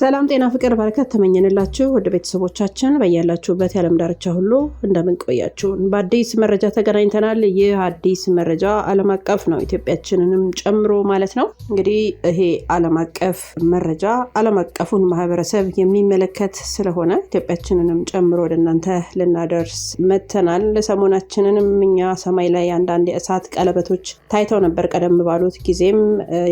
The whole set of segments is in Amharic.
ሰላም ጤና ፍቅር በረከት ተመኘንላችሁ ወደ ቤተሰቦቻችን በያላችሁበት የዓለም ዳርቻ ሁሉ እንደምንቆያችሁን በአዲስ መረጃ ተገናኝተናል። ይህ አዲስ መረጃ ዓለም አቀፍ ነው፣ ኢትዮጵያችንንም ጨምሮ ማለት ነው። እንግዲህ ይሄ ዓለም አቀፍ መረጃ ዓለም አቀፉን ማህበረሰብ የሚመለከት ስለሆነ ኢትዮጵያችንንም ጨምሮ ወደ እናንተ ልናደርስ መተናል። ለሰሞናችንንም እኛ ሰማይ ላይ አንዳንድ የእሳት ቀለበቶች ታይተው ነበር። ቀደም ባሉት ጊዜም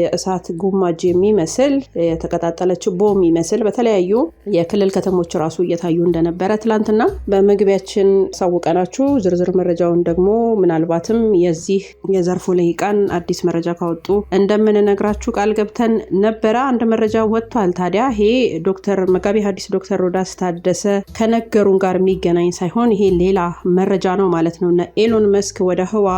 የእሳት ጉማጅ የሚመስል የተቀጣጠለችው ቦሚ የሚመስል በተለያዩ የክልል ከተሞች ራሱ እየታዩ እንደነበረ ትላንትና በመግቢያችን ሳውቀናችሁ ዝርዝር መረጃውን ደግሞ ምናልባትም የዚህ የዘርፉ ልሂቃን አዲስ መረጃ ካወጡ እንደምንነግራችሁ ቃል ገብተን ነበረ። አንድ መረጃ ወጥቷል። ታዲያ ይሄ ዶክተር መጋቢ ሐዲስ ዶክተር ሮዳስ ታደሰ ከነገሩን ጋር የሚገናኝ ሳይሆን ይሄ ሌላ መረጃ ነው ማለት ነው። እነ ኤሎን መስክ ወደ ህዋ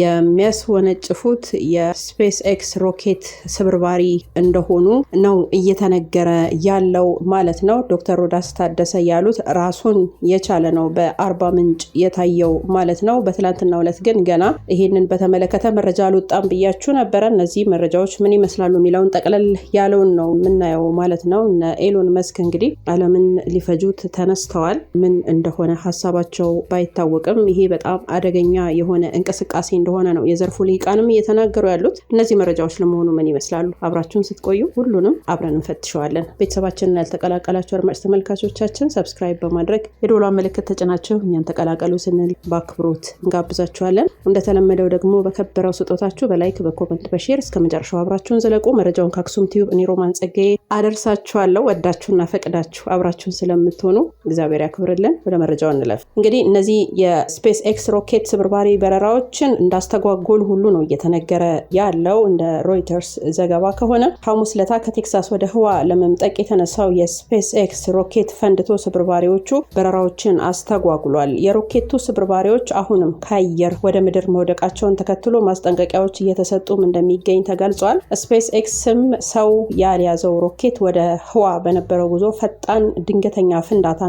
የሚያስወነጭፉት የስፔስ ኤክስ ሮኬት ስብርባሪ እንደሆኑ ነው እየተነገረ ያለው ማለት ነው። ዶክተር ሮዳስ ታደሰ ያሉት ራሱን የቻለ ነው፣ በአርባ ምንጭ የታየው ማለት ነው። በትላንትና ዕለት ግን ገና ይህንን በተመለከተ መረጃ አልወጣም ብያችሁ ነበረ። እነዚህ መረጃዎች ምን ይመስላሉ የሚለውን ጠቅለል ያለውን ነው የምናየው ማለት ነው። እነ ኤሎን መስክ እንግዲህ ዓለምን ሊፈጁት ተነስተዋል። ምን እንደሆነ ሀሳባቸው ባይታወቅም ይሄ በጣም አደገኛ የሆነ እንቅስቃሴ እንደሆነ ነው የዘርፉ ልሂቃንም እየተናገሩ ያሉት። እነዚህ መረጃዎች ለመሆኑ ምን ይመስላሉ? አብራችሁን ስትቆዩ ሁሉንም አብረን እንፈትሸዋለን። ቤተሰባችንን ያልተቀላቀላቸው አድማጭ ተመልካቾቻችን ሰብስክራይብ በማድረግ የዶሏ ምልክት ተጭናቸው እኛን ተቀላቀሉ ስንል በአክብሮት እንጋብዛችኋለን። እንደተለመደው ደግሞ በከበረው ስጦታችሁ በላይክ በኮመንት በሼር እስከ መጨረሻው አብራችሁን ዘለቁ። መረጃውን ከአክሱም ቲዩብ እኔ ሮማን ጸጋዬ አደርሳችኋለሁ። ወዳችሁና ፈቅዳችሁ አብራችሁን ስለምትሆኑ እግዚአብሔር ያክብርልን። ወደ መረጃው እንለፍ። እንግዲህ እነዚህ የስፔስ ኤክስ ሮኬት ስብርባሪ በረራዎችን እንዳስተጓጎል ሁሉ ነው እየተነገረ ያለው። እንደ ሮይተርስ ዘገባ ከሆነ ሐሙስ ለታ ከቴክሳስ ወደ ህዋ ለመምጠቅ የተነሳው የስፔስ ኤክስ ሮኬት ፈንድቶ ስብርባሪዎቹ በረራዎችን አስተጓጉሏል። የሮኬቱ ስብርባሪዎች አሁንም ከአየር ወደ ምድር መውደቃቸውን ተከትሎ ማስጠንቀቂያዎች እየተሰጡም እንደሚገኝ ተገልጿል። ስፔስ ኤክስም ሰው ያልያዘው ሮኬት ወደ ህዋ በነበረው ጉዞ ፈጣን ድንገተኛ ፍንዳታ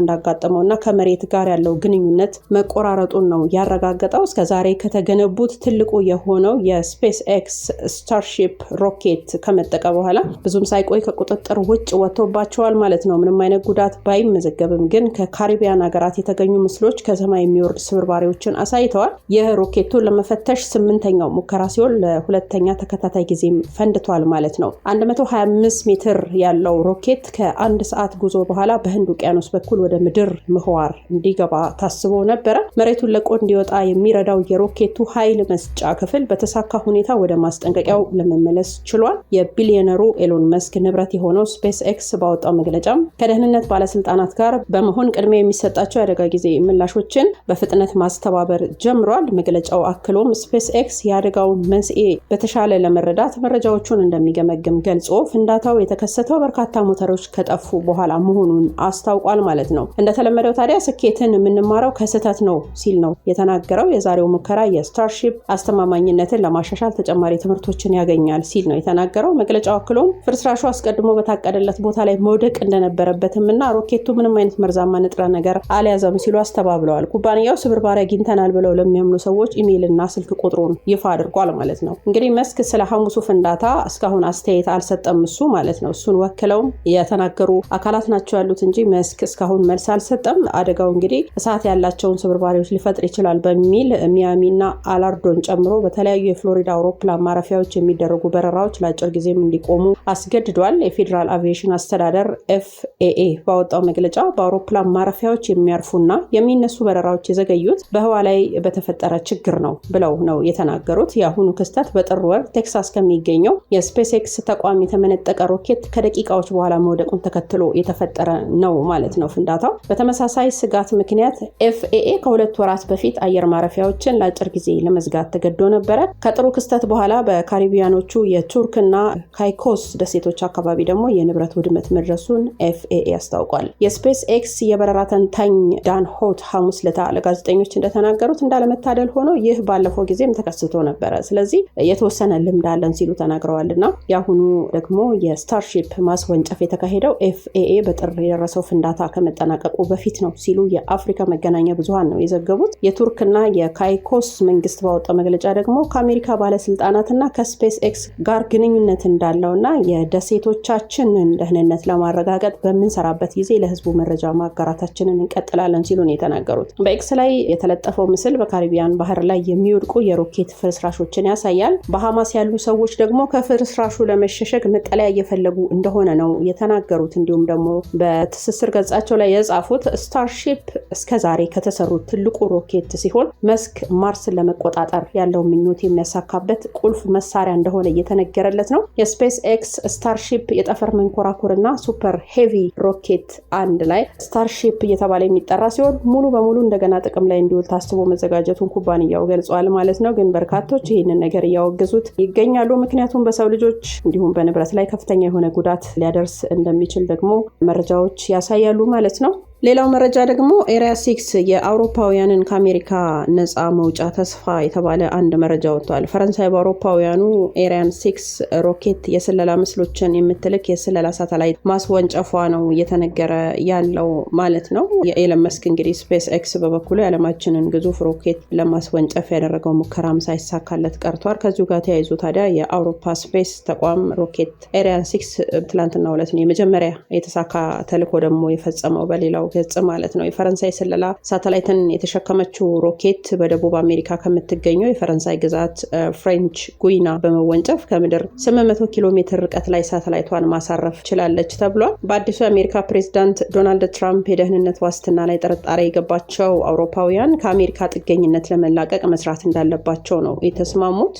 እና ከመሬት ጋር ያለው ግንኙነት መቆራረጡን ነው ያረጋገጠው። እስከዛሬ ከተገነቡ ያደረጉት ትልቁ የሆነው የስፔስ ኤክስ ስታርሺፕ ሮኬት ከመጠቀ በኋላ ብዙም ሳይቆይ ከቁጥጥር ውጭ ወጥቶባቸዋል ማለት ነው። ምንም አይነት ጉዳት ባይመዘገብም ግን ከካሪቢያን ሀገራት የተገኙ ምስሎች ከሰማይ የሚወርድ ስብርባሪዎችን አሳይተዋል። ይህ ሮኬቱን ለመፈተሽ ስምንተኛው ሙከራ ሲሆን ለሁለተኛ ተከታታይ ጊዜም ፈንድቷል ማለት ነው። 125 ሜትር ያለው ሮኬት ከአንድ ሰዓት ጉዞ በኋላ በህንድ ውቅያኖስ በኩል ወደ ምድር ምህዋር እንዲገባ ታስቦ ነበረ። መሬቱን ለቆ እንዲወጣ የሚረዳው የሮኬቱ ኃይል የኃይል መስጫ ክፍል በተሳካ ሁኔታ ወደ ማስጠንቀቂያው ለመመለስ ችሏል። የቢሊዮነሩ ኤሎን መስክ ንብረት የሆነው ስፔስ ኤክስ ባወጣው መግለጫም ከደህንነት ባለስልጣናት ጋር በመሆን ቅድሚያ የሚሰጣቸው የአደጋ ጊዜ ምላሾችን በፍጥነት ማስተባበር ጀምሯል። መግለጫው አክሎም ስፔስ ኤክስ የአደጋውን መንስኤ በተሻለ ለመረዳት መረጃዎቹን እንደሚገመግም ገልጾ ፍንዳታው የተከሰተው በርካታ ሞተሮች ከጠፉ በኋላ መሆኑን አስታውቋል ማለት ነው። እንደተለመደው ታዲያ ስኬትን የምንማረው ከስህተት ነው ሲል ነው የተናገረው። የዛሬው ሙከራ የስታርሺ ሊደርሺፕ አስተማማኝነትን ለማሻሻል ተጨማሪ ትምህርቶችን ያገኛል ሲል ነው የተናገረው። መግለጫው አክሎም ፍርስራሹ አስቀድሞ በታቀደለት ቦታ ላይ መውደቅ እንደነበረበትም እና ሮኬቱ ምንም አይነት መርዛማ ንጥረ ነገር አልያዘም ሲሉ አስተባብለዋል። ኩባንያው ስብርባሪ አግኝተናል ብለው ለሚያምኑ ሰዎች ኢሜይልና ስልክ ቁጥሩን ይፋ አድርጓል ማለት ነው። እንግዲህ መስክ ስለ ሐሙሱ ፍንዳታ እስካሁን አስተያየት አልሰጠም እሱ ማለት ነው። እሱን ወክለውም የተናገሩ አካላት ናቸው ያሉት እንጂ መስክ እስካሁን መልስ አልሰጠም። አደጋው እንግዲህ እሳት ያላቸውን ስብርባሪዎች ሊፈጥር ይችላል በሚል ሚያሚና አላ ኦርዶን ጨምሮ በተለያዩ የፍሎሪዳ አውሮፕላን ማረፊያዎች የሚደረጉ በረራዎች ለአጭር ጊዜም እንዲቆሙ አስገድዷል። የፌዴራል አቪዬሽን አስተዳደር ኤፍኤኤ ባወጣው መግለጫ በአውሮፕላን ማረፊያዎች የሚያርፉና የሚነሱ በረራዎች የዘገዩት በህዋ ላይ በተፈጠረ ችግር ነው ብለው ነው የተናገሩት። የአሁኑ ክስተት በጥር ወር ቴክሳስ ከሚገኘው የስፔስ ኤክስ ተቋም የተመነጠቀ ሮኬት ከደቂቃዎች በኋላ መውደቁን ተከትሎ የተፈጠረ ነው ማለት ነው ፍንዳታው። በተመሳሳይ ስጋት ምክንያት ኤፍኤኤ ከሁለት ወራት በፊት አየር ማረፊያዎችን ለአጭር ጊዜ ለመ ለመዝጋት ተገዶ ነበረ። ከጥሩ ክስተት በኋላ በካሪቢያኖቹ የቱርክና ካይኮስ ደሴቶች አካባቢ ደግሞ የንብረት ውድመት መድረሱን ኤፍኤኤ አስታውቋል። የስፔስ ኤክስ የበረራ ተንታኝ ዳን ሆት ሐሙስ ለታ ለጋዜጠኞች እንደተናገሩት እንዳለመታደል ሆኖ ይህ ባለፈው ጊዜም ተከስቶ ነበረ፣ ስለዚህ የተወሰነ ልምድ አለን ሲሉ ተናግረዋል። እና የአሁኑ ደግሞ የስታርሺፕ ማስወንጨፍ የተካሄደው ኤፍኤኤ በጥር የደረሰው ፍንዳታ ከመጠናቀቁ በፊት ነው ሲሉ የአፍሪካ መገናኛ ብዙሃን ነው የዘገቡት። የቱርክና የካይኮስ መንግስት ባወጣው መግለጫ ደግሞ ከአሜሪካ ባለስልጣናትና ከስፔስ ኤክስ ጋር ግንኙነት እንዳለውና የደሴቶቻችንን ደህንነት ለማረጋገጥ በምንሰራበት ጊዜ ለህዝቡ መረጃ ማጋራታችንን እንቀጥላለን ሲሉ ነው የተናገሩት። በኤክስ ላይ የተለጠፈው ምስል በካሪቢያን ባህር ላይ የሚወድቁ የሮኬት ፍርስራሾችን ያሳያል። በሐማስ ያሉ ሰዎች ደግሞ ከፍርስራሹ ለመሸሸግ መጠለያ እየፈለጉ እንደሆነ ነው የተናገሩት። እንዲሁም ደግሞ በትስስር ገጻቸው ላይ የጻፉት ስታርሺፕ እስከዛሬ ከተሰሩት ትልቁ ሮኬት ሲሆን መስክ ማርስን ለመቆጠ መቆጣጠር ያለው ምኞት የሚያሳካበት ቁልፍ መሳሪያ እንደሆነ እየተነገረለት ነው። የስፔስ ኤክስ ስታርሺፕ የጠፈር መንኮራኩር እና ሱፐር ሄቪ ሮኬት አንድ ላይ ስታርሺፕ እየተባለ የሚጠራ ሲሆን ሙሉ በሙሉ እንደገና ጥቅም ላይ እንዲውል ታስቦ መዘጋጀቱን ኩባንያው ገልጿል ማለት ነው። ግን በርካቶች ይህንን ነገር እያወገዙት ይገኛሉ። ምክንያቱም በሰው ልጆች እንዲሁም በንብረት ላይ ከፍተኛ የሆነ ጉዳት ሊያደርስ እንደሚችል ደግሞ መረጃዎች ያሳያሉ ማለት ነው። ሌላው መረጃ ደግሞ ኤሪያ ሲክስ የአውሮፓውያንን ከአሜሪካ ነፃ መውጫ ተስፋ የተባለ አንድ መረጃ ወጥቷል። ፈረንሳይ በአውሮፓውያኑ ኤሪያን ሲክስ ሮኬት የስለላ ምስሎችን የምትልክ የስለላ ሳተላይት ማስወንጨፏ ነው እየተነገረ ያለው ማለት ነው። የኤለን መስክ እንግዲህ ስፔስ ኤክስ በበኩሉ የዓለማችንን ግዙፍ ሮኬት ለማስወንጨፍ ያደረገው ሙከራም ሳይሳካለት ቀርቷል። ከዚሁ ጋር ተያይዞ ታዲያ የአውሮፓ ስፔስ ተቋም ሮኬት ኤሪያን ሲክስ ትላንትና ሁለት ነው የመጀመሪያ የተሳካ ተልኮ ደግሞ የፈጸመው በሌላው ገጽ ማለት ነው። የፈረንሳይ ስለላ ሳተላይትን የተሸከመችው ሮኬት በደቡብ አሜሪካ ከምትገኘው የፈረንሳይ ግዛት ፍሬንች ጉይና በመወንጨፍ ከምድር 800 ኪሎ ሜትር ርቀት ላይ ሳተላይቷን ማሳረፍ ችላለች ተብሏል። በአዲሱ የአሜሪካ ፕሬዚዳንት ዶናልድ ትራምፕ የደህንነት ዋስትና ላይ ጥርጣሬ የገባቸው አውሮፓውያን ከአሜሪካ ጥገኝነት ለመላቀቅ መስራት እንዳለባቸው ነው የተስማሙት።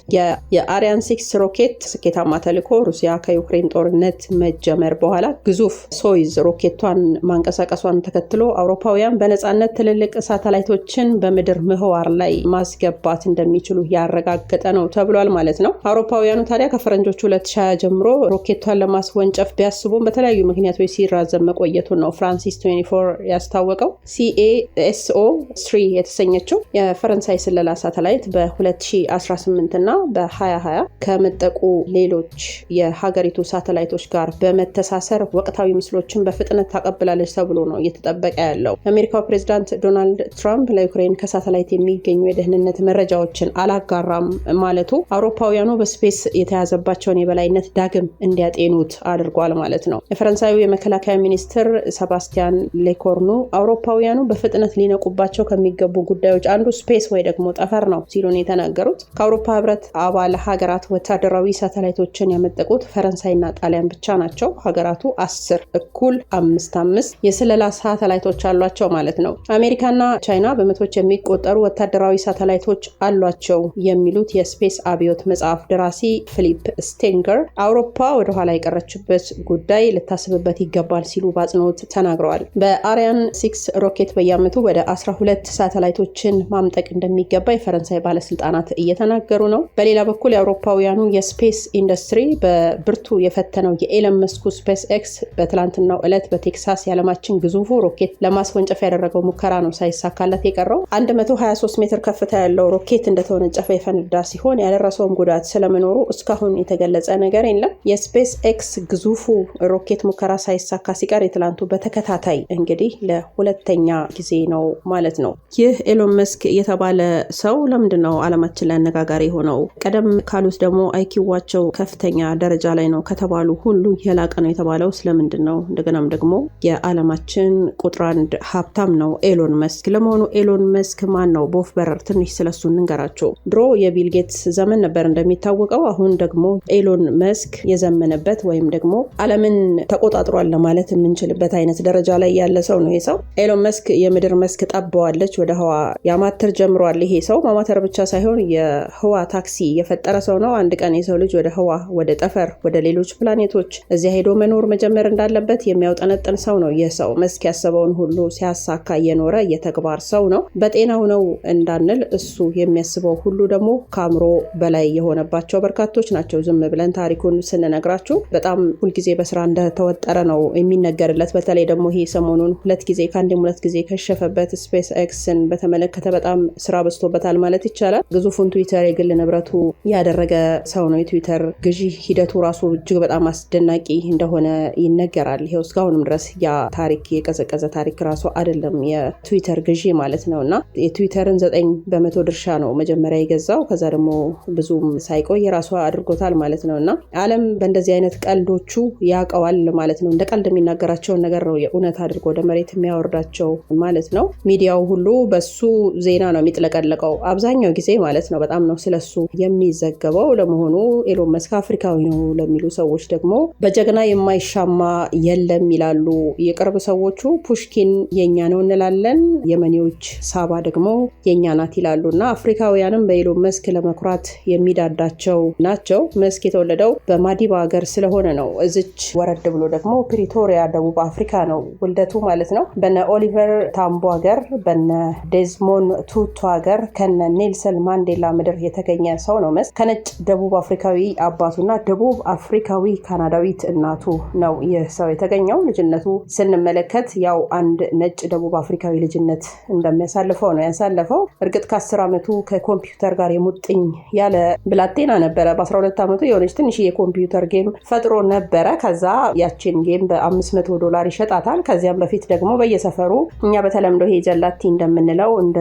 የአሪያን ሲክስ ሮኬት ስኬታማ ተልዕኮ ሩሲያ ከዩክሬን ጦርነት መጀመር በኋላ ግዙፍ ሶይዝ ሮኬቷን ማንቀሳቀሷን ተከትሎ አውሮፓውያን በነፃነት ትልልቅ ሳተላይቶችን በምድር ምህዋር ላይ ማስገባት እንደሚችሉ ያረጋገጠ ነው ተብሏል ማለት ነው። አውሮፓውያኑ ታዲያ ከፈረንጆቹ ሁለት ሺህ ጀምሮ ሮኬቷን ለማስወንጨፍ ቢያስቡም በተለያዩ ምክንያቶች ሲራዘም መቆየቱን ነው ፍራንሲስ 24 ያስታወቀው። ሲኤኤስኦ ስሪ የተሰኘችው የፈረንሳይ ስለላ ሳተላይት በ2018 እና በ2020 ከመጠቁ ሌሎች የሀገሪቱ ሳተላይቶች ጋር በመተሳሰር ወቅታዊ ምስሎችን በፍጥነት ታቀብላለች ተብሎ ነው እየተጠበቀ ያለው። የአሜሪካው ፕሬዚዳንት ዶናልድ ትራምፕ ለዩክሬን ከሳተላይት የሚገኙ የደህንነት መረጃዎችን አላጋራም ማለቱ አውሮፓውያኑ በስፔስ የተያዘባቸውን የበላይነት ዳግም እንዲያጤኑት አድርጓል ማለት ነው። የፈረንሳዩ የመከላከያ ሚኒስትር ሰባስቲያን ሌኮርኑ አውሮፓውያኑ በፍጥነት ሊነቁባቸው ከሚገቡ ጉዳዮች አንዱ ስፔስ ወይ ደግሞ ጠፈር ነው ሲሉን የተናገሩት ከአውሮፓ ህብረት አባል ሀገራት ወታደራዊ ሳተላይቶችን ያመጠቁት ፈረንሳይና ጣሊያን ብቻ ናቸው። ሀገራቱ አስር እኩል አምስት አምስት የስለላ ሳተላይቶች አሏቸው ማለት ነው። አሜሪካና ቻይና በመቶች የሚቆጠሩ ወታደራዊ ሳተላይቶች አሏቸው የሚሉት የስፔስ አብዮት መጽሐፍ ደራሲ ፊሊፕ ስቴንገር አውሮፓ ወደኋላ የቀረችበት ጉዳይ ልታስብበት ይገባል ሲሉ በአጽንኦት ተናግረዋል። በአሪያን ሲክስ ሮኬት በየዓመቱ ወደ 12 ሳተላይቶችን ማምጠቅ እንደሚገባ የፈረንሳይ ባለስልጣናት እየተናገሩ ነው። በሌላ በኩል የአውሮፓውያኑ የስፔስ ኢንዱስትሪ በብርቱ የፈተነው የኤለን መስኩ ስፔስ ኤክስ በትላንትናው ዕለት በቴክሳስ የዓለማችን ግዙፉ ሮኬት ለማስወንጨፍ ያደረገው ሙከራ ነው ሳይሳካለት የቀረው። 123 ሜትር ከፍታ ያለው ሮኬት እንደተወነጨፈ የፈነዳ ሲሆን ያደረሰውም ጉዳት ስለመኖሩ እስካሁን የተገለጸ ነገር የለም። የስፔስ ኤክስ ግዙፉ ሮኬት ሙከራ ሳይሳካ ሲቀር የትላንቱ በተከታታይ እንግዲህ ለሁለተኛ ጊዜ ነው ማለት ነው። ይህ ኤሎን መስክ የተባለ ሰው ለምንድን ነው አለማችን ላይ አነጋጋሪ የሆነው? ቀደም ካሉት ደግሞ አይኪዋቸው ከፍተኛ ደረጃ ላይ ነው ከተባሉ ሁሉ የላቀ ነው የተባለው ስለምንድን ነው? እንደገናም ደግሞ የዓለማችን ቁጥር አንድ ሀብታም ነው ኤሎን መስክ። ለመሆኑ ኤሎን መስክ ማን ነው? በወፍ በረር ትንሽ ስለሱ እንንገራቸው። ድሮ የቢል ጌትስ ዘመን ነበር እንደሚታወቀው። አሁን ደግሞ ኤሎን መስክ የዘመነበት ወይም ደግሞ ዓለምን ተቆጣጥሯል ለማለት የምንችልበት አይነት ደረጃ ላይ ያለ ሰው ነው። ይሄ ሰው ኤሎን መስክ የምድር መስክ ጠበዋለች፣ ወደ ህዋ ያማተር ጀምሯል። ይሄ ሰው ማማተር ብቻ ሳይሆን የህዋ ታክሲ የፈጠረ ሰው ነው። አንድ ቀን የሰው ልጅ ወደ ህዋ፣ ወደ ጠፈር፣ ወደ ሌሎች ፕላኔቶች እዚያ ሄዶ መኖር መጀመር እንዳለበት የሚያውጠነጥን ሰው ነው። ይህ ሰው መስክ ያሰበውን ሁሉ ሲያሳካ እየኖረ የተግባር ሰው ነው። በጤናው ነው እንዳንል እሱ የሚያስበው ሁሉ ደግሞ ከአእምሮ በላይ የሆነባቸው በርካቶች ናቸው። ዝም ብለን ታሪኩን ስንነግራችሁ በጣም ሁልጊዜ በስራ እንደተወጠረ ነው የሚነገርለት። በተለይ ደግሞ ይሄ ሰሞኑን ሁለት ጊዜ ከአንድም ሁለት ጊዜ ከሸፈበት ስፔስ ኤክስን በተመለከተ በጣም ስራ በዝቶበታል ማለት ይቻላል። ግዙፉን ትዊተር የግል ንብረቱ ያደረገ ሰው ነው። የትዊተር ግዢ ሂደቱ ራሱ እጅግ በጣም አስደናቂ እንደሆነ ይነገራል። ይኸው እስካሁንም ድረስ ያ ታሪክ የቀዘቀ የቀዘቀዘ ታሪክ ራሱ አይደለም የትዊተር ግዢ ማለት ነው። እና የትዊተርን ዘጠኝ በመቶ ድርሻ ነው መጀመሪያ የገዛው። ከዛ ደግሞ ብዙም ሳይቆይ የራሷ አድርጎታል ማለት ነው። እና አለም በእንደዚህ አይነት ቀልዶቹ ያውቀዋል ማለት ነው። እንደ ቀልድ የሚናገራቸውን ነገር ነው የእውነት አድርጎ ወደ መሬት የሚያወርዳቸው ማለት ነው። ሚዲያው ሁሉ በሱ ዜና ነው የሚጥለቀለቀው አብዛኛው ጊዜ ማለት ነው። በጣም ነው ስለሱ የሚዘገበው። ለመሆኑ ኤሎን መስክ አፍሪካዊ ነው ለሚሉ ሰዎች ደግሞ በጀግና የማይሻማ የለም ይላሉ የቅርብ ሰዎቹ። ፑሽኪን የኛ ነው እንላለን፣ የመኔዎች ሳባ ደግሞ የኛ ናት ይላሉ እና አፍሪካውያንም በሎ መስክ ለመኩራት የሚዳዳቸው ናቸው። መስክ የተወለደው በማዲባ ሀገር ስለሆነ ነው። እዚች ወረድ ብሎ ደግሞ ፕሪቶሪያ ደቡብ አፍሪካ ነው ውልደቱ ማለት ነው። በነ ኦሊቨር ታምቦ ሀገር፣ በነ ዴዝሞን ቱቱ ሀገር ከነ ኔልሰን ማንዴላ ምድር የተገኘ ሰው ነው። መስክ ከነጭ ደቡብ አፍሪካዊ አባቱና ደቡብ አፍሪካዊ ካናዳዊት እናቱ ነው ይህ ሰው የተገኘው። ልጅነቱ ስንመለከት ያው ያው አንድ ነጭ ደቡብ አፍሪካዊ ልጅነት እንደሚያሳልፈው ነው ያሳለፈው። እርግጥ ከአስር ዓመቱ ከኮምፒውተር ጋር የሙጥኝ ያለ ብላቴና ነበረ። በ በ12 ዓመቱ የሆነች ትንሽ የኮምፒውተር ጌም ፈጥሮ ነበረ። ከዛ ያችን ጌም በ500 ዶላር ይሸጣታል። ከዚያም በፊት ደግሞ በየሰፈሩ እኛ በተለምዶ ይሄ ጀላቲ እንደምንለው እንደ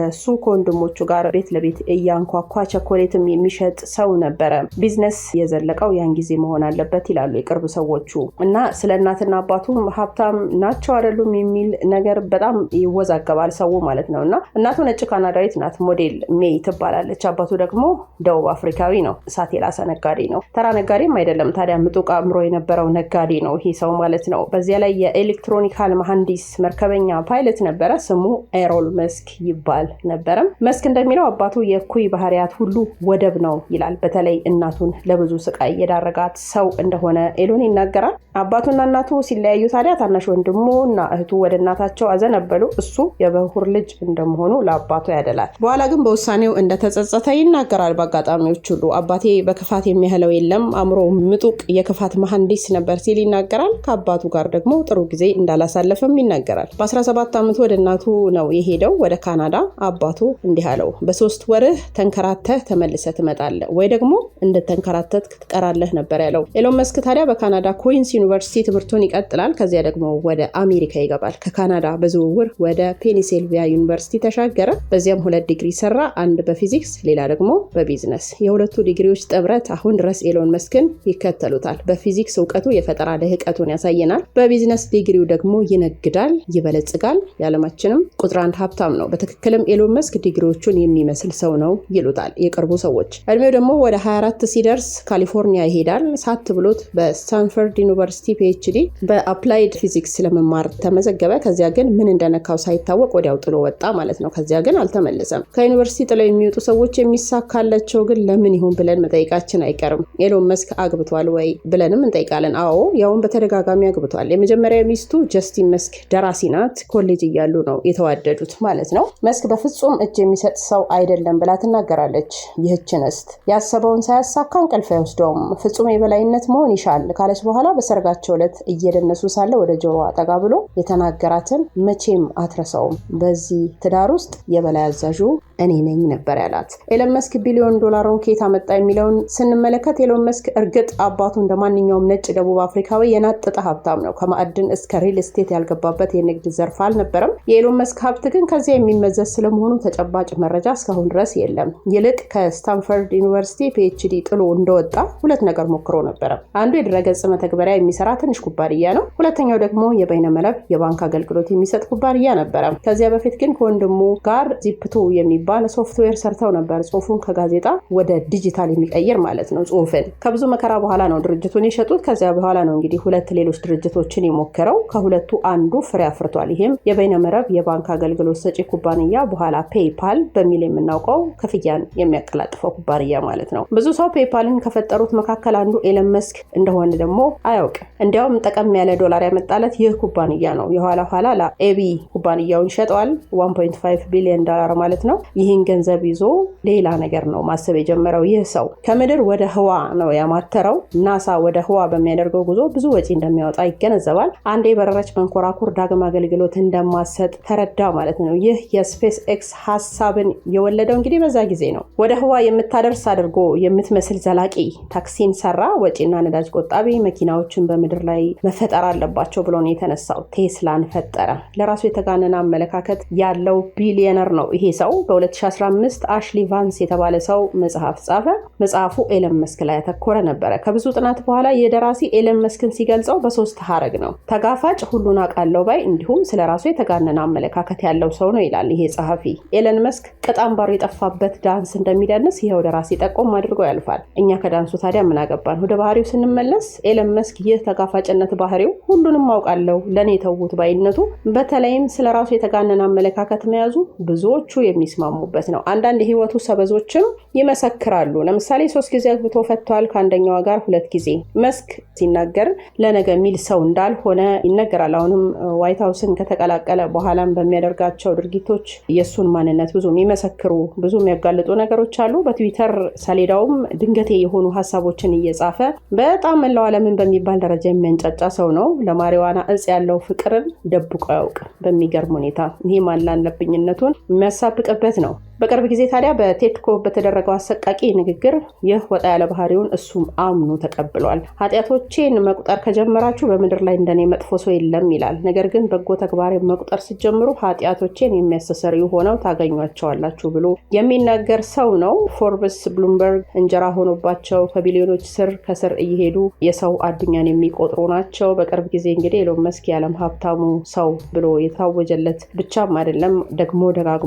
ከወንድሞቹ ጋር ቤት ለቤት እያንኳኳ ቸኮሌትም የሚሸጥ ሰው ነበረ። ቢዝነስ የዘለቀው ያን ጊዜ መሆን አለበት ይላሉ የቅርብ ሰዎቹ እና ስለ እናትና አባቱ ሀብታም ናቸው አይደሉም የሚ የሚል ነገር በጣም ይወዛገባል ሰው ማለት ነው። እና እናቱ ነጭ ካናዳዊት ናት፣ ሞዴል ሜይ ትባላለች። አባቱ ደግሞ ደቡብ አፍሪካዊ ነው። ሳቴላሰ ነጋዴ ነው። ተራ ነጋዴም አይደለም ታዲያ፣ ምጡቅ አእምሮ የነበረው ነጋዴ ነው ይሄ ሰው ማለት ነው። በዚያ ላይ የኤሌክትሮኒካል መሐንዲስ፣ መርከበኛ፣ ፓይለት ነበረ። ስሙ ኤሮል መስክ ይባል ነበረም። መስክ እንደሚለው አባቱ የእኩይ ባህሪያት ሁሉ ወደብ ነው ይላል። በተለይ እናቱን ለብዙ ስቃይ የዳረጋት ሰው እንደሆነ ኤሎን ይናገራል። አባቱና እናቱ ሲለያዩ ታዲያ ታናሽ ወንድሙ እና እህቱ ወደ እናታቸው አዘነበሉ። እሱ የበኩር ልጅ እንደመሆኑ ለአባቱ ያደላል። በኋላ ግን በውሳኔው እንደተጸጸተ ይናገራል። በአጋጣሚዎች ሁሉ አባቴ በክፋት የሚያህለው የለም፣ አእምሮ ምጡቅ የክፋት መሐንዲስ ነበር ሲል ይናገራል። ከአባቱ ጋር ደግሞ ጥሩ ጊዜ እንዳላሳለፈም ይናገራል። በ17 ዓመቱ ወደ እናቱ ነው የሄደው ወደ ካናዳ። አባቱ እንዲህ አለው፣ በሶስት ወርህ ተንከራተህ ተመልሰህ ትመጣለህ ወይ ደግሞ እንደተንከራተት ትቀራለህ ነበር ያለው። ኤሎን መስክ ታዲያ በካናዳ ኩዊንስ ዩኒቨርሲቲ ትምህርቱን ይቀጥላል። ከዚያ ደግሞ ወደ አሜሪካ ይገባል። ይባላል። ከካናዳ በዝውውር ወደ ፔኒሴልቪያ ዩኒቨርሲቲ ተሻገረ። በዚያም ሁለት ዲግሪ ሰራ፣ አንድ በፊዚክስ ሌላ ደግሞ በቢዝነስ። የሁለቱ ዲግሪዎች ጥምረት አሁን ድረስ ኤሎን መስክን ይከተሉታል። በፊዚክስ እውቀቱ የፈጠራ ልህቀቱን ያሳየናል። በቢዝነስ ዲግሪው ደግሞ ይነግዳል፣ ይበለጽጋል። የዓለማችንም ቁጥር አንድ ሀብታም ነው። በትክክልም ኤሎን መስክ ዲግሪዎቹን የሚመስል ሰው ነው ይሉታል የቅርቡ ሰዎች። እድሜው ደግሞ ወደ 24 ሲደርስ ካሊፎርኒያ ይሄዳል። ሳት ብሎት በስታንፈርድ ዩኒቨርሲቲ ፒኤችዲ በአፕላይድ ፊዚክስ ለመማር ተመዘገበ። ተመዘገበ። ከዚያ ግን ምን እንደነካው ሳይታወቅ ወዲያው ጥሎ ወጣ ማለት ነው። ከዚያ ግን አልተመለሰም። ከዩኒቨርሲቲ ጥለው የሚወጡ ሰዎች የሚሳካላቸው ግን ለምን ይሁን ብለን መጠይቃችን አይቀርም። ኤሎን መስክ አግብቷል ወይ ብለንም እንጠይቃለን። አዎ ያውን በተደጋጋሚ አግብቷል። የመጀመሪያ ሚስቱ ጀስቲን መስክ ደራሲ ናት። ኮሌጅ እያሉ ነው የተዋደዱት ማለት ነው። መስክ በፍጹም እጅ የሚሰጥ ሰው አይደለም ብላ ትናገራለች። ይህች ንስት ያሰበውን ሳያሳካ እንቅልፍ አይወስደውም። ፍጹም የበላይነት መሆን ይሻል ካለች በኋላ በሰርጋቸው ዕለት እየደነሱ ሳለ ወደ ጆሮ አጠጋ ብሎ የተናገ የተናገራትን መቼም አትረሳውም። በዚህ ትዳር ውስጥ የበላይ አዛዡ እኔ ነኝ ነበር ያላት። ኤለን መስክ ቢሊዮን ዶላሩን ከየት አመጣ የሚለውን ስንመለከት ኤለን መስክ እርግጥ አባቱ እንደ ማንኛውም ነጭ ደቡብ አፍሪካዊ የናጠጠ ሀብታም ነው። ከማዕድን እስከ ሪል ስቴት ያልገባበት የንግድ ዘርፍ አልነበረም። የኤሎን መስክ ሀብት ግን ከዚያ የሚመዘዝ ስለመሆኑ ተጨባጭ መረጃ እስካሁን ድረስ የለም። ይልቅ ከስታንፈርድ ዩኒቨርሲቲ ፒኤችዲ ጥሎ እንደወጣ ሁለት ነገር ሞክሮ ነበረ። አንዱ የድረገጽ መተግበሪያ የሚሰራ ትንሽ ኩባንያ ነው። ሁለተኛው ደግሞ የበይነመረብ የባንክ አገልግሎት የሚሰጥ ኩባንያ ነበረ። ከዚያ በፊት ግን ከወንድሙ ጋር ዚፕቶ የሚባል ሶፍትዌር ሰርተው ነበር። ጽሁፉን ከጋዜጣ ወደ ዲጂታል የሚቀይር ማለት ነው። ጽሁፍን ከብዙ መከራ በኋላ ነው ድርጅቱን የሸጡት። ከዚያ በኋላ ነው እንግዲህ ሁለት ሌሎች ድርጅቶችን የሞከረው። ከሁለቱ አንዱ ፍሬ አፍርቷል። ይህም የበይነመረብ የባንክ አገልግሎት ሰጪ ኩባንያ በኋላ ፔይፓል በሚል የምናውቀው ክፍያን የሚያቀላጥፈው ኩባንያ ማለት ነው። ብዙ ሰው ፔይፓልን ከፈጠሩት መካከል አንዱ ኤለን መስክ እንደሆነ ደግሞ አያውቅም። እንዲያውም ጠቀም ያለ ዶላር ያመጣለት ይህ ኩባንያ ነው። የኋላ ከተባለ ኋላ ለኤቢ ኩባንያውን ይሸጠዋል። 1.5 ቢሊዮን ዶላር ማለት ነው። ይህን ገንዘብ ይዞ ሌላ ነገር ነው ማሰብ የጀመረው ይህ ሰው። ከምድር ወደ ህዋ ነው ያማተረው። ናሳ ወደ ህዋ በሚያደርገው ጉዞ ብዙ ወጪ እንደሚያወጣ ይገነዘባል። አንዴ የበረረች መንኮራኩር ዳግም አገልግሎት እንደማሰጥ ተረዳ ማለት ነው። ይህ የስፔስ ኤክስ ሀሳብን የወለደው እንግዲህ በዛ ጊዜ ነው። ወደ ህዋ የምታደርስ አድርጎ የምትመስል ዘላቂ ታክሲን ሰራ። ወጪና ነዳጅ ቆጣቢ መኪናዎችን በምድር ላይ መፈጠር አለባቸው ብሎ ነው የተነሳው። ቴስላን ፈጠረ። ለራሱ የተጋነነ አመለካከት ያለው ቢሊየነር ነው ይሄ ሰው። በ2015 አሽሊ ቫንስ የተባለ ሰው መጽሐፍ ጻፈ። መጽሐፉ ኤለን መስክ ላይ ያተኮረ ነበረ። ከብዙ ጥናት በኋላ የደራሲ ኤለን መስክን ሲገልጸው በሶስት ሀረግ ነው። ተጋፋጭ፣ ሁሉን አውቃለሁ ባይ እንዲሁም ስለ ራሱ የተጋነነ አመለካከት ያለው ሰው ነው ይላል ይሄ ጸሐፊ። ኤለን መስክ ቅጣም ባሩ የጠፋበት ዳንስ እንደሚደንስ ይኸው ደራሲ ጠቆም አድርጎ ያልፋል። እኛ ከዳንሱ ታዲያ ምን አገባን? ወደ ባህሪው ስንመለስ ኤለን መስክ ይህ ተጋፋጭነት ባህሪው ሁሉንም አውቃለሁ ለእኔ ተውት ባይ ተቀባይነቱ በተለይም ስለ ራሱ የተጋነነ አመለካከት መያዙ ብዙዎቹ የሚስማሙበት ነው። አንዳንድ የህይወቱ ሰበዞችም ይመሰክራሉ። ለምሳሌ ሶስት ጊዜ አግብቶ ፈቷል። ከአንደኛዋ ጋር ሁለት ጊዜ መስክ ሲናገር ለነገ የሚል ሰው እንዳልሆነ ይነገራል። አሁንም ዋይት ሀውስን ከተቀላቀለ በኋላም በሚያደርጋቸው ድርጊቶች የእሱን ማንነት ብዙ የሚመሰክሩ ብዙ የሚያጋልጡ ነገሮች አሉ። በትዊተር ሰሌዳውም ድንገቴ የሆኑ ሀሳቦችን እየጻፈ በጣም መላው ዓለምን በሚባል ደረጃ የሚያንጫጫ ሰው ነው። ለማሪዋና እጽ ያለው ፍቅርን ደብቆ አያውቅም። በሚገርም ሁኔታ ይህ ማላለብኝነቱን የሚያሳብቅበት ነው። በቅርብ ጊዜ ታዲያ በቴድኮ በተደረገው አሰቃቂ ንግግር ይህ ወጣ ያለ ባህሪውን እሱም አምኖ ተቀብሏል። ኃጢአቶቼን መቁጠር ከጀመራችሁ በምድር ላይ እንደኔ መጥፎ ሰው የለም ይላል። ነገር ግን በጎ ተግባር መቁጠር ስትጀምሩ ኃጢአቶቼን የሚያስተሰርዩ ሆነው ታገኟቸዋላችሁ ብሎ የሚናገር ሰው ነው። ፎርብስ፣ ብሉምበርግ እንጀራ ሆኖባቸው ከቢሊዮኖች ስር ከስር እየሄዱ የሰው አዱኛን የሚቆጥሩ ናቸው። በቅርብ ጊዜ እንግዲህ ኤሎን መስክ የዓለም ሀብታሙ ሰው ብሎ የታወጀለት ብቻም አይደለም ደግሞ ደጋግሞ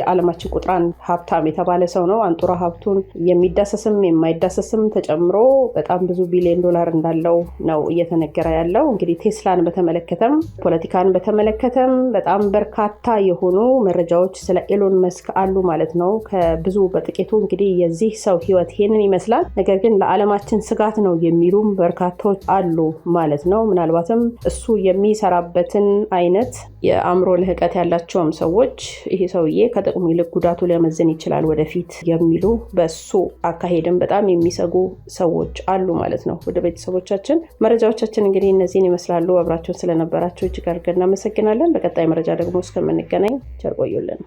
የዓለማችን ቁጥር ቁጥራን ሀብታም የተባለ ሰው ነው። አንጡራ ሀብቱን የሚዳሰስም የማይዳሰስም ተጨምሮ በጣም ብዙ ቢሊዮን ዶላር እንዳለው ነው እየተነገረ ያለው። እንግዲህ ቴስላን በተመለከተም ፖለቲካን በተመለከተም በጣም በርካታ የሆኑ መረጃዎች ስለ ኤሎን መስክ አሉ ማለት ነው። ከብዙ በጥቂቱ እንግዲህ የዚህ ሰው ህይወት ይሄንን ይመስላል። ነገር ግን ለዓለማችን ስጋት ነው የሚሉም በርካታዎች አሉ ማለት ነው። ምናልባትም እሱ የሚሰራበትን አይነት የአእምሮ ልህቀት ያላቸውም ሰዎች ይሄ ሰውዬ ከጥቅሙ ይልቅ ጉዳት ጥቃቱ ሊያመዝን ይችላል ወደፊት የሚሉ በሱ አካሄድም በጣም የሚሰጉ ሰዎች አሉ ማለት ነው። ወደ ቤተሰቦቻችን መረጃዎቻችን እንግዲህ እነዚህን ይመስላሉ። አብራቸውን ስለነበራቸው እጅግ አድርገን እናመሰግናለን። በቀጣይ መረጃ ደግሞ እስከምንገናኝ ቸር ቆዩልን።